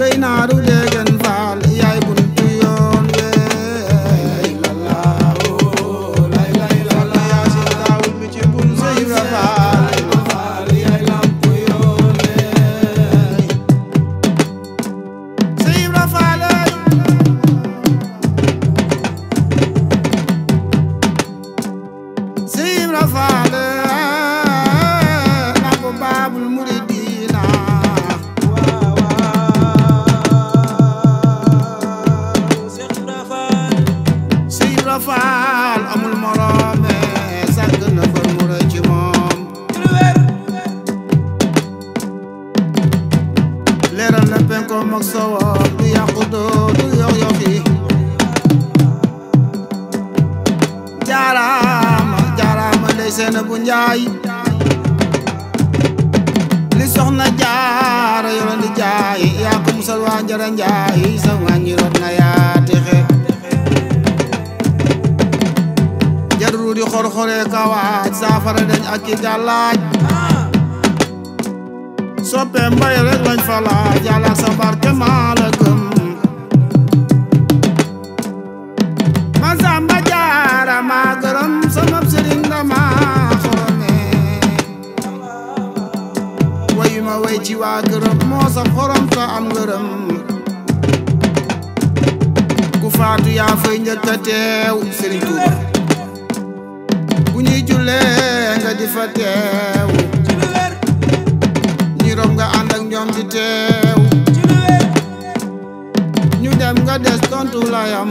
দেয় না আরু njaay li soxna jaara yoroon di jaay yaa ko musal waa njara njaay sa na yaa texe jarul di xor-xoree kawaaj saafara dañ ak i gàllaaj soppe mbay rek lañ fa laaj yàlla sa barke maa ma way ci waa këram moo xorom sa am ngërëm ku faatu yaa fay njëkk a teew Sëriñ ñuy jullee nga di fa nga ànd ñoom di ñu dem nga des tontu layam